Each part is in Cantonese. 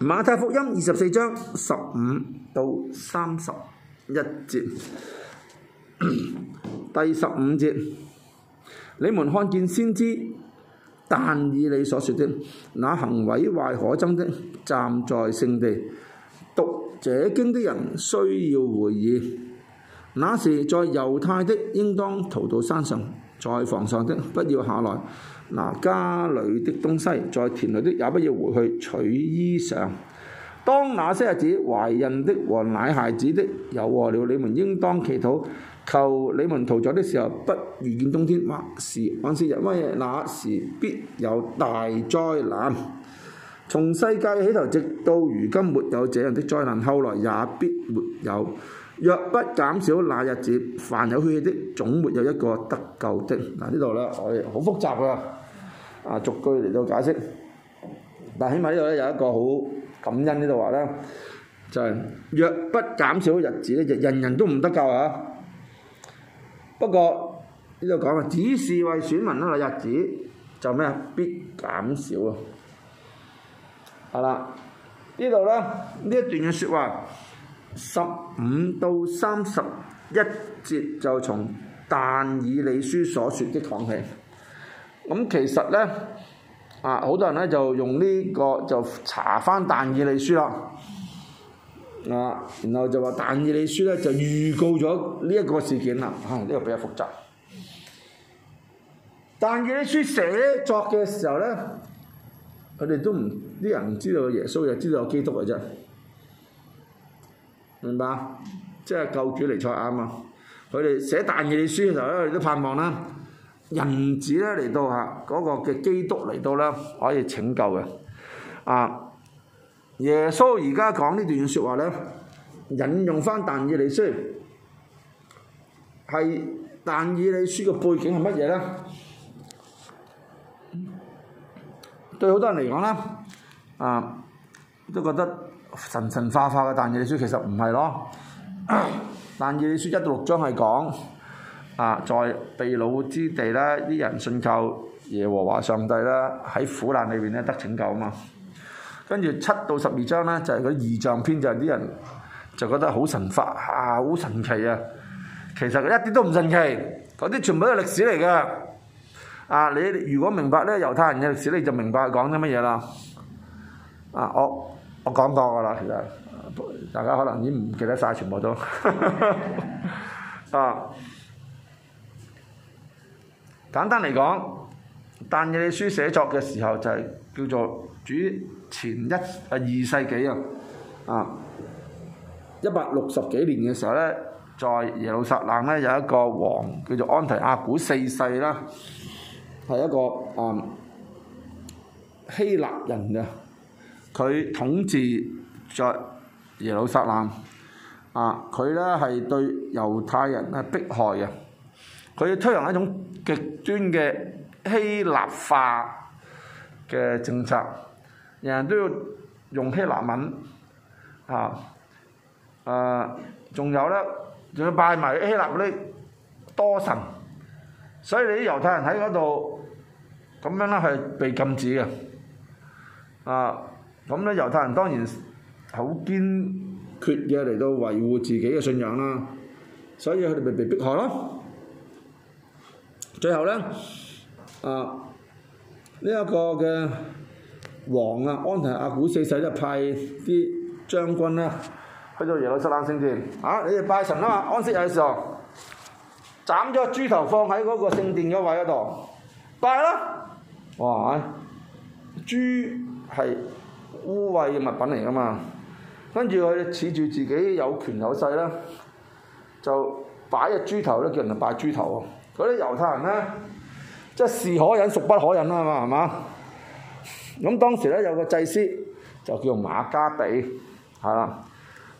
馬太福音二十四章十五到三十一節，第十五節：你們看見先知，但以理所說的那行毀壞可憎的站在聖地讀這經的人，需要會意，那時在猶太的，應當逃到山上。在房上的不要下來，嗱，家裏的東西，在田裏的也不要回去取衣裳。當那些日子懷孕的和奶孩子的有禍了，你們應當祈禱，求你們逃走的時候不遇見冬天，或是安息日，乜嘢，那時必有大災難，從世界起頭直到如今沒有這樣的災難，後來也必沒有。若不減少那日子，凡有血氣的總沒有一個得救、啊、的。嗱呢度咧，我哋好複雜噶，啊逐句嚟到解釋。但起碼呢度咧有一個好感恩呢度話咧，就係、是、若不減少日子人人都唔得救啊。不過呢度講話，只是為選民嗰、啊、日子，就咩啊必減少啊。係、啊、啦，呢度咧呢一段嘅説話。十五到三十一節就從但以理書所說的講起，咁其實呢，啊，好多人呢、這個，就用呢個就查翻但以理書啦，啊，然後就話但以理書呢，就預告咗呢一個事件啦，唉、啊、呢、這個比較複雜。但以理書寫作嘅時候呢，佢哋都唔啲人唔知道耶穌，又知道基督嘅啫。明白，即係救主嚟賽啊嘛！佢哋寫但以理書時候咧，都盼望啦。人子咧嚟到嚇，嗰個嘅基督嚟到咧，可以拯救嘅。啊，耶穌而家講呢段説話咧，引用翻但以理書，係但以理書嘅背景係乜嘢咧？對好多人嚟講咧，啊都覺得。神神化化嘅，但係但以理書其實唔係咯。 但以理書一到六章係講，啊，在被擄之地咧，啲人信靠耶和華上帝啦，喺苦難裏邊咧得拯救啊嘛。跟住七到十二章咧，就係嗰啲異象篇，就係、是、啲人就覺得好神化啊，好神奇啊。其實一啲都唔神奇，嗰啲全部都係歷史嚟㗎。啊，你如果明白咧猶太人嘅歷史，你就明白講啲乜嘢啦。啊，我、哦。我講過噶啦，其實大家可能已經唔記得晒，全部都啊。簡單嚟講，但以理書寫作嘅時候就係叫做主前一啊二世紀啊，啊一百六十幾年嘅時候咧，在耶路撒冷咧有一個王叫做安提阿古四世啦，係一個啊希臘人嘅。佢統治着耶路撒冷，啊！佢呢係對猶太人係迫害嘅，佢要推行一種極端嘅希臘化嘅政策，人人都要用希臘文，嚇、啊，誒、啊，仲有咧，仲要拜埋希臘嗰啲多神，所以你啲猶太人喺嗰度咁樣咧係被禁止嘅，啊！咁咧猶太人當然好堅決嘅嚟到維護自己嘅信仰啦，所以佢哋咪被迫害咯。最後咧，啊呢一、這個嘅王啊，安提阿古四世咧派啲將軍咧去到耶路撒冷聖殿，嚇、啊、你哋拜神啊嘛，安息日嘅時候斬咗個豬頭放喺嗰個聖殿嘅位嗰度拜啦，哇，豬係～污穢嘅物品嚟噶嘛，跟住佢恃住自己有權有勢啦，就擺隻豬頭咧，叫人哋拜豬頭啊！啲猶太人咧，即係是可忍，孰不可忍啦嘛，係嘛？咁當時咧有個祭司就叫馬加比，係啦，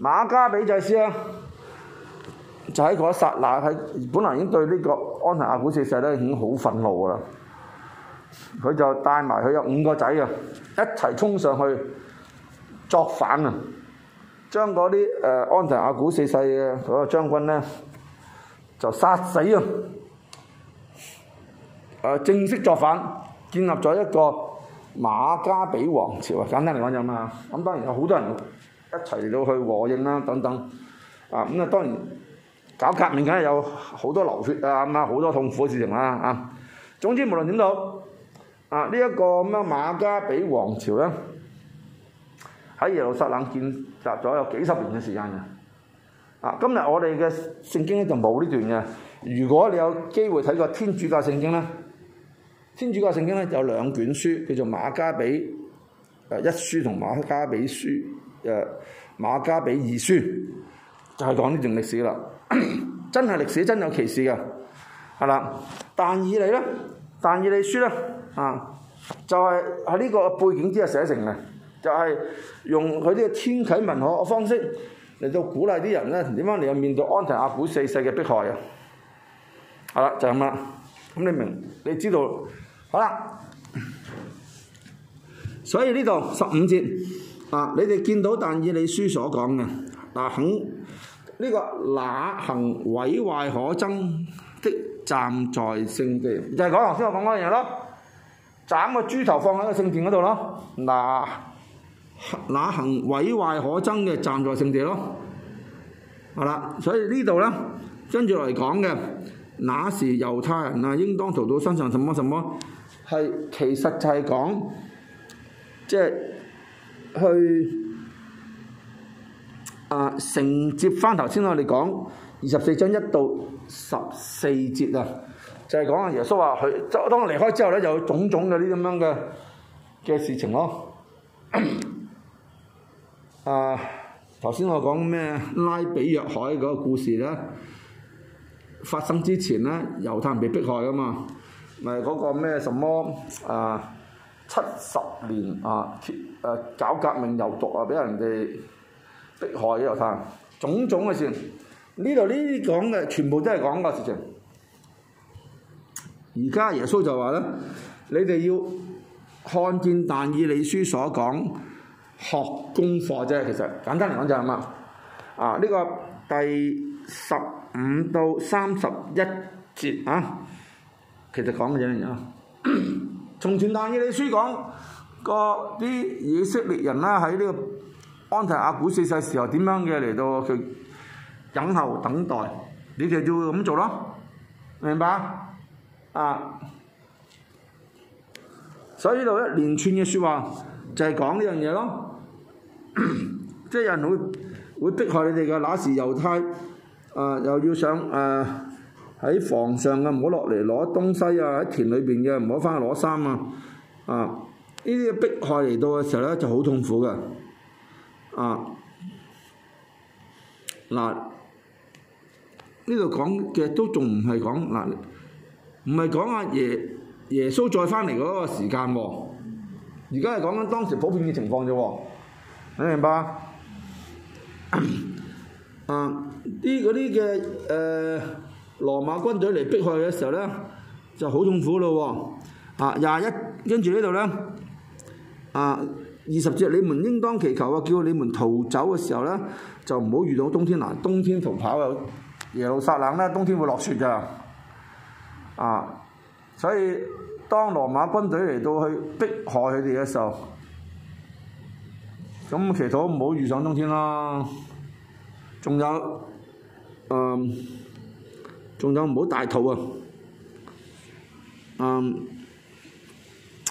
馬加比祭司咧，就喺嗰一刹那，喺本來已經對呢個安提阿古四世咧已經好憤怒㗎啦。佢就帶埋佢有五個仔啊，一齊衝上去作反啊！將嗰啲安提阿古四世嘅嗰個將軍咧就殺死啊！誒正式作反，建立咗一個馬加比王朝啊！簡單嚟講就咁啦。咁當然有好多人一齊到去和應啦等等啊！咁啊當然搞革命梗係有好多流血啊咁啊好多痛苦嘅事情啦啊！總之無論點都。啊！呢一個咁樣馬加比王朝咧，喺耶路撒冷建立咗有幾十年嘅時間嘅。啊，今日我哋嘅聖經咧就冇呢段嘅。如果你有機會睇過天主教聖經咧，天主教聖經咧有兩卷書，叫做馬加比誒一書同馬加比書誒馬加比二書，就係講呢段歷史啦。 真係歷史真有其事嘅，係啦。但以理咧。但以理書咧，啊，就係喺呢個背景之下寫成嘅，就係、是、用佢呢個天啟文學嘅方式嚟到鼓勵啲人呢點樣嚟面對安提阿古四世嘅迫害啊？係、就、啦、是，就咁啦，咁你明，你知道了，好啦，所以呢度十五節，啊，你哋見到但以理書所講嘅，嗱、啊，肯呢、這個哪行毀壞可憎站在聖地，就係講頭先我講嗰樣嘢咯，斬個豬頭放喺個聖殿嗰度咯，嗱，那行毀壞可憎嘅站在聖地咯，好啦，所以呢度咧，跟住嚟講嘅，那時猶太人啊，應當逃到身上什麼什麼，係其實就係講，即係去啊承接返頭先我哋講二十四章一度。十四節啊，就係講啊耶穌話佢當我離開之後咧，有種種嘅啲咁樣嘅嘅事情咯。 啊，頭先我講咩拉比約海嗰個故事咧，發生之前咧，猶太人被迫害噶嘛，咪、那、嗰個咩什麼啊七十年啊誒、啊、搞革命遊族啊，俾人哋迫害咗猶太人，種種嘅事。呢度呢啲講嘅全部都係講個事情。而家耶穌就話啦，你哋要看見但以理書所講學功課啫。其實簡單嚟講就係乜啊？呢個第十五到三十一節啊，其實講嘅一樣嘢啊。從 前但以理書講個啲以色列人啦，喺呢個安提阿古四世時候點樣嘅嚟到佢。等候等待，你哋就要咁做咯，明白啊？所以呢度一連串嘅説話就係、是、講呢樣嘢咯，即係人會會迫害你哋嘅。那時猶太啊，又要想誒喺、啊、房上嘅，唔好落嚟攞東西啊！喺田裏邊嘅，唔好翻去攞衫啊！啊，呢啲迫害嚟到嘅時候咧，就好痛苦嘅啊嗱。呢度講嘅都仲唔係講嗱，唔係講阿耶耶穌再翻嚟嗰個時間喎，而家係講緊當時普遍嘅情況啫喎，你明白？啊，啲嗰啲嘅誒羅馬軍隊嚟逼害嘅時候咧，就好痛苦咯喎，啊廿一，跟住呢度咧，啊，二十節，你們應當祈求啊，叫你們逃走嘅時候咧，就唔好遇到冬天啦，冬天逃跑又～耶路撒冷冬天會落雪噶、啊，所以當羅馬軍隊嚟到去迫害佢哋嘅時候，咁祈禱唔好遇上冬天啦。仲有，嗯，仲有唔好大肚啊，嗯，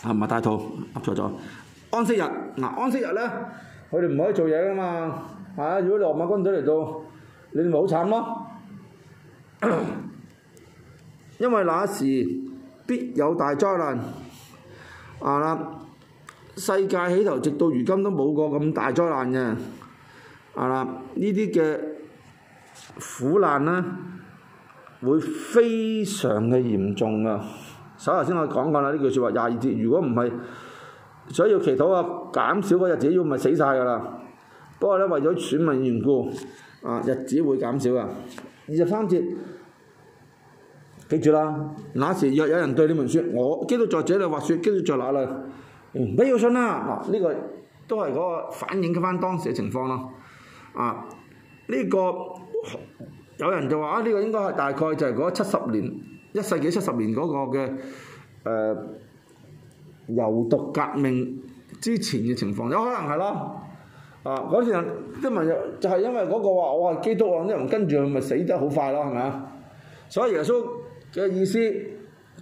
啊唔係大肚，噏錯咗。安息日安息日呢，佢哋唔可以做嘢噶嘛、啊，如果羅馬軍隊嚟到，你咪好慘咯。 因為那時必有大災難，啊啦！世界起頭直到如今都冇過咁大災難嘅，啊啦！呢啲嘅苦難啦，會非常嘅嚴重啊！首先我講講啦，呢句説話，廿二節，如果唔係所以要祈禱啊，減少嗰日子，要唔係死晒㗎啦！不過呢，為咗選民緣故，啊，日子會減少嘅。二十三節，記住啦！那時若有人對你們説：我基督在這裏話説，基督在哪裏？嗯，不要信啦！呢、啊呢個都係嗰個反映返當時嘅情況咯。啊，呢、呢個有人就話啊，呢、呢個應該係大概就係嗰七十年一世紀七十年嗰個嘅誒猶太革命之前嘅情況，有可能係咯。啊！嗰啲人都問，就係、是、因為嗰個話我係基督徒，啲、啊、人跟住佢咪死得好快咯，係咪啊？所以耶穌嘅意思即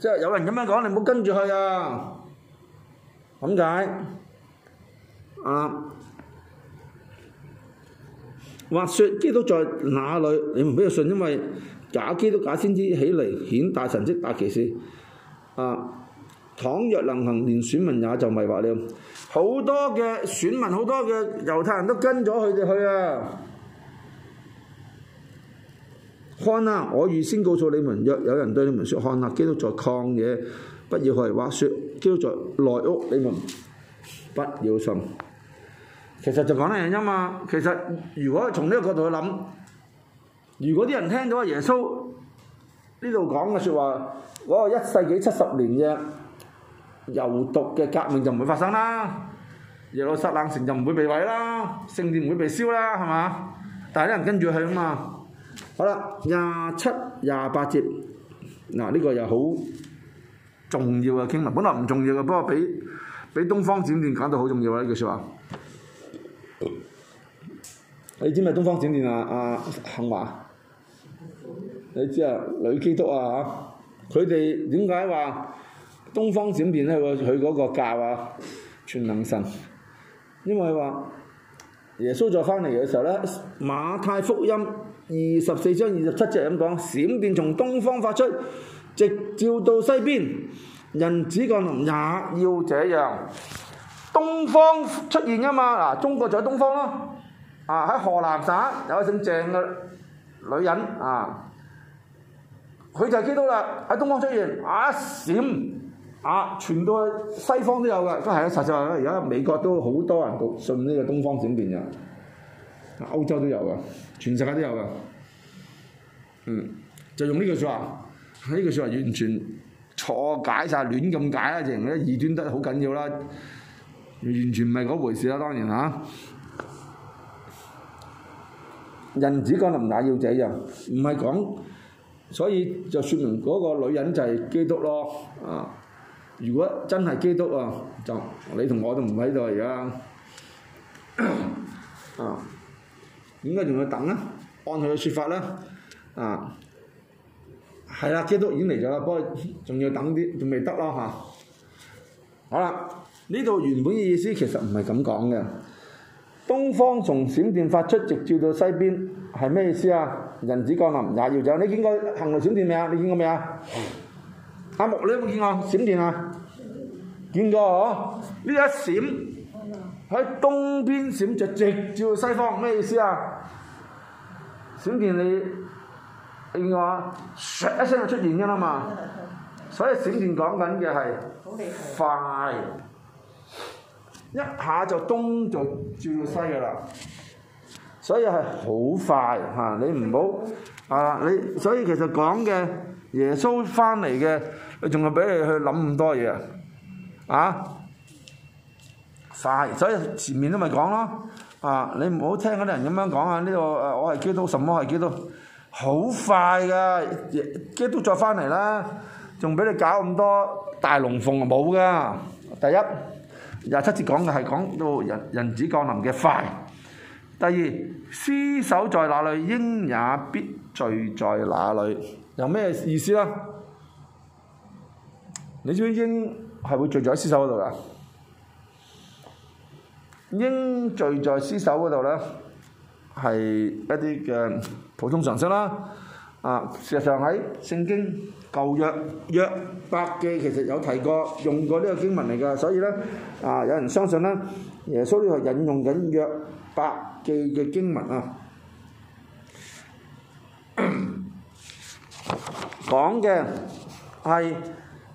係、就是、有人咁樣講，你唔好跟住佢啊！咁、這、解、個、啊？話説基督在哪裏，你唔俾佢信，因為假基督假先知起嚟顯大神跡大奇事啊！倘若能行，連選民也就迷惑了。好多嘅選民，好多嘅猶太人都跟咗佢哋去啊！看啊，我預先告訴你們，若有人對你們説：看啊，基督在曠野，不要去；或説基督在內屋，你們不要信。其實就講一樣嘢嘛。其實如果從呢個角度去諗，如果啲人聽到耶穌呢度講嘅説話，嗰、那個一世紀七十年啫。有毒嘅革命就唔會發生啦，耶路撒冷城就唔會被毀啦，聖殿唔會被燒啦，係嘛？但係啲人跟住去啊嘛。好啦，廿七、廿八節，嗱、啊、呢、這個又好重要嘅經文，本來唔重要嘅，不過俾俾東方閃電搞到好重要啊！呢句説話，你知唔知東方閃電啊？阿杏華，你知啊，女基督啊佢哋點解話？啊東方閃電咧，佢佢嗰個教啊，全能神，因為話耶穌再返嚟嘅時候咧，《馬太福音》二十四章二十七節咁講，閃電從東方發出，直照到西邊，人子降臨也要這樣。東方出現啊嘛，嗱，中國就喺東方咯、啊，啊喺河南省有一姓鄭嘅女人啊，佢就係基督啦，喺東方出現，啊閃。啊！傳到西方都有嘅，都係啊！實在話而家美國都好多人都信呢個東方閃電嘅，歐洲都有嘅，全世界都有嘅。嗯，就用呢句説話，呢句説話完全錯解晒。亂咁解異得啊！人咧異端得好緊要啦，完全唔係嗰回事啦。當然嚇，人子降臨雅要仔樣，唔係講，所以就説明嗰個女人就係基督咯，啊！如果真係基督啊，就你同我都唔喺度而家，啊，點解仲要等啊？按佢嘅説法啦、啊，啊，係啦、啊，基督已經嚟咗啦，不過仲要等啲，仲未得咯嚇。好啦、啊，呢度原本嘅意思其實唔係咁講嘅。東方從閃電發出，直照到西邊，係咩意思啊？人子降臨，也要走。你見過行雷閃電未啊？你見過未啊？ 阿木，你有冇見過閃電啊？見過哦。呢錢貓一閃喺天貓東邊閃就直照西方，咩意思啊？閃電你，你見過，唰一聲就出現咗啦嘛。關注所以閃電講緊嘅係快，一下、嗯、 就東就照到西噶啦。所以係好快，你唔好。你，所以其實講嘅，耶穌翻嚟嘅。佢仲係畀你去諗咁多嘢啊！啊快，所以前面都咪講咯啊！你唔好聽嗰啲人咁樣講啊！呢個、呃、我係基督，什麼係基督？好快㗎！基督再翻嚟啦，仲畀你搞咁多大龍鳳冇㗎！第一廿七節講嘅係講到人人子降臨嘅快。第二，屍首在哪裏，鷹也必聚在哪裏。有咩意思啊？你知唔知鷹係會聚在屍首嗰度噶？鷹聚在屍首嗰度呢，係一啲嘅普通常識啦。啊，事實上喺聖經舊約約伯記其實有提過用過呢個經文嚟㗎，所以呢，啊，有人相信呢，耶穌呢度引用緊約伯記嘅經文啊，講嘅係。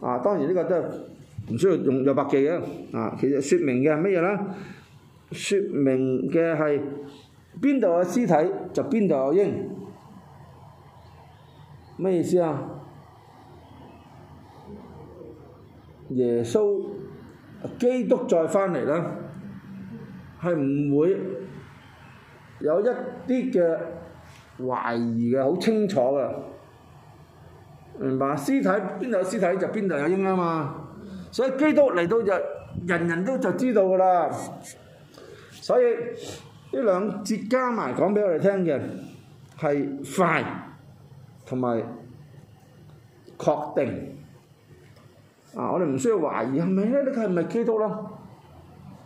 啊，當然呢個都唔需要用用白字嘅。啊，其實説明嘅係乜嘢咧？説明嘅係邊度有屍體就邊度有鷹，咩意思啊？耶穌基督再返嚟咧，係唔會有一啲嘅懷疑嘅，好清楚嘅。明白，屍體，邊度有屍體就邊度有鷹啊嘛，所以基督嚟到就人人都就知道噶啦，所以呢兩節加埋講俾我哋聽嘅係快同埋確定啊，我哋唔需要懷疑，係咪咧？你睇係咪基督囉？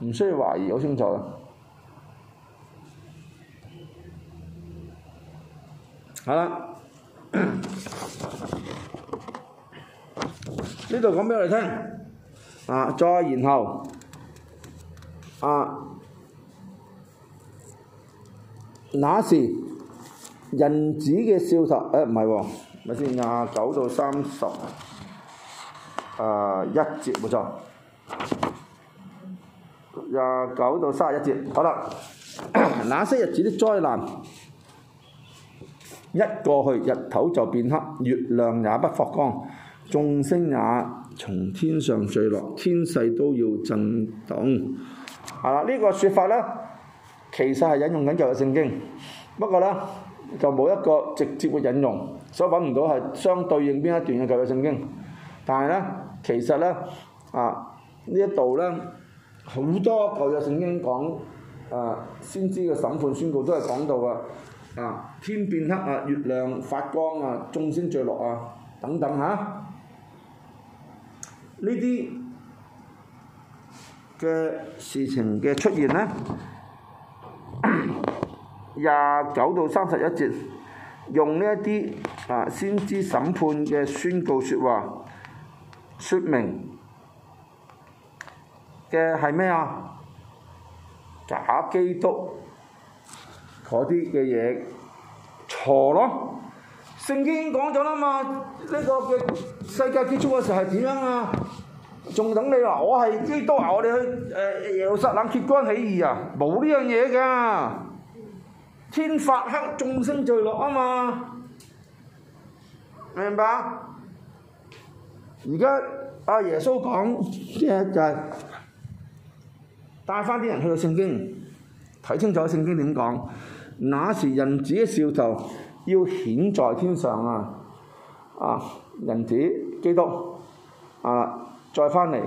唔需要懷疑，好清楚啊！好啦。 呢度講俾我哋聽，啊，再然後，啊，那時人子嘅兆頭，誒，唔係喎，咪先廿九到三十，誒，一節，冇錯，廿九到卅一節，好啦，那些日子的災難一過去，日頭就變黑，月亮也不放光。眾星也從天上墜落，天勢都要震動。係啦、啊，這個、說呢個説法咧，其實係引用緊舊約聖經，不過咧就冇一個直接嘅引用，所以揾唔到係相對應邊一段嘅舊約聖經。但係咧，其實咧啊呢一度咧，好多舊約聖經講啊先知嘅審判宣告，都係講到啊啊天變黑啊，月亮發光啊，眾星墜落啊等等嚇。啊呢啲嘅事情嘅出現呢，廿九到三十一節，用呢一啲啊先知審判嘅宣告説話，説明嘅係咩啊？假基督嗰啲嘅嘢錯咯。聖經講咗啦嘛，呢、這個嘅世界結束嘅時候係點樣啊？仲等你話我係基督啊！我哋去誒，又、呃、撒冷揭竿起義啊！冇呢樣嘢噶，天發黑眾生墜落啊嘛，明唔明白？而家阿耶穌講即係就係帶翻啲人去到聖經睇清楚聖經點講，那時人子的兆頭就要顯在天上啊！啊，人子基督啊！再翻嚟，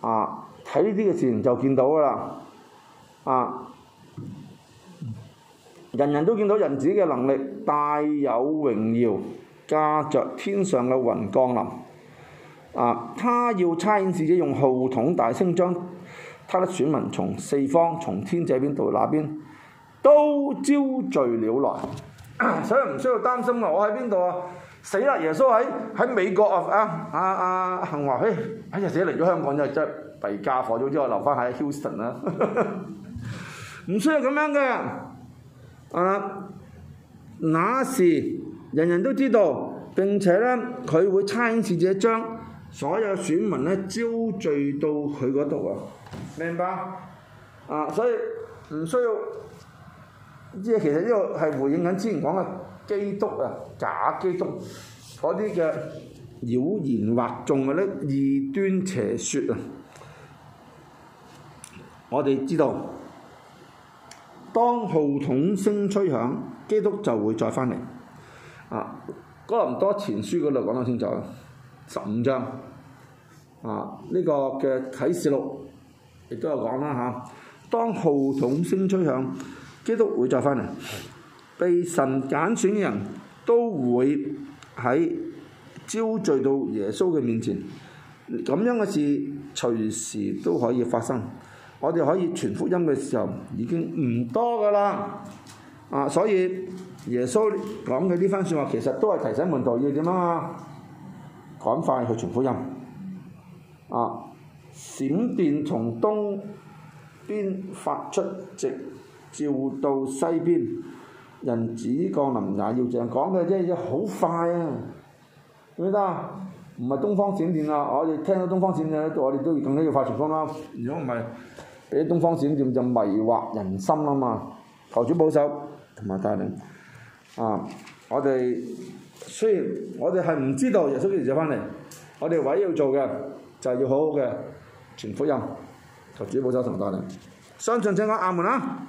啊！睇呢啲嘅事情就見到噶啦，啊！人人都見到人子嘅能力大有榮耀，駕着天上嘅雲降臨，啊！他要差遣使者用號筒大聲將他的選民從四方、從天這邊到那邊都招聚了來，啊、所以唔需要擔心我喺邊度啊？死啦！耶穌喺喺美國啊啊啊！阿恒華，哎呀死啦！嚟咗香港之後，真弊家伙。咗之後，留翻喺 Houston 啦，唔需要咁樣嘅啊！那時人人都知道，並且咧佢會親自自己將所有選民咧招聚到佢嗰度啊！明白啊！所以唔需要。即係其實呢個係回應緊之前講嘅。基督啊，假基督嗰啲嘅妖言惑眾嗰啲異端邪説啊，我哋知道，當號筒聲吹響，基督就會再翻嚟。啊，哥林多前書嗰度講得清楚啊，十五章啊，呢個嘅啟示錄亦都有講啦嚇。當號筒聲吹響，基督會再翻嚟。被神揀選嘅人都會喺招聚到耶穌嘅面前，咁樣嘅事隨時都可以發生。我哋可以傳福音嘅時候已經唔多㗎喇，啊！所以耶穌講嘅呢番説話其實都係提醒門徒要點啊，趕快去傳福音。啊！閃電從東邊發出，直照到西邊。人子降臨也要像講嘅，即係好快啊！得唔得啊？唔係東方閃電啊！我哋聽到東方閃電，我哋都要更加要快傳福音啦！如果唔係，俾東方閃電就迷惑人心啊嘛！求主保守同埋帶領啊！我哋雖然我哋係唔知道耶穌幾時就翻嚟，我哋唯一要做嘅就係、是、要好好嘅傳福音。求主保守同帶領。相信請講阿門啊！